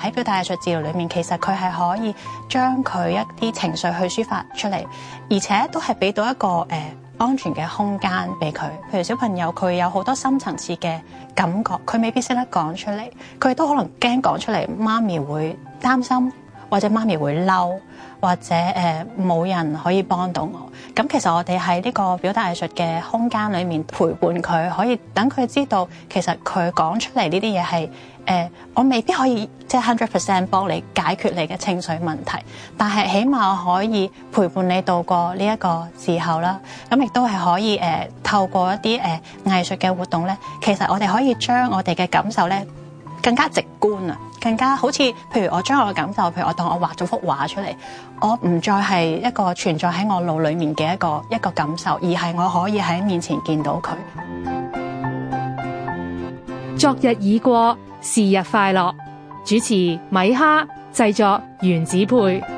喺表達藝術治療裏面，其實佢係可以將佢一啲情緒去抒發出嚟，而且都係俾到一個誒安全嘅空間俾佢。譬如小朋友，佢有好多深層次嘅感覺，佢未必識得講出嚟，佢亦都可能驚講出嚟，媽咪會擔心。或者媽咪會嬲，或者誒冇、呃、人可以幫到我。咁其實我哋喺呢個表達藝術嘅空間裏面陪伴佢，可以等佢知道其實佢講出嚟呢啲嘢係誒，我未必可以即係 hundred percent 幫你解決你嘅情緒問題，但係起碼我可以陪伴你度過呢一個時候啦。咁、呃、亦都係可以誒、呃、透過一啲誒藝術嘅活動咧，其實我哋可以將我哋嘅感受咧。呃更加直觀啊！更加好似，譬如我將我嘅感受，譬如我當我畫咗幅畫出嚟，我唔再係一個存在喺我腦裏面嘅一個一個感受，而係我可以喺面前見到佢。昨日已過，是日快樂。主持米哈，製作原子配。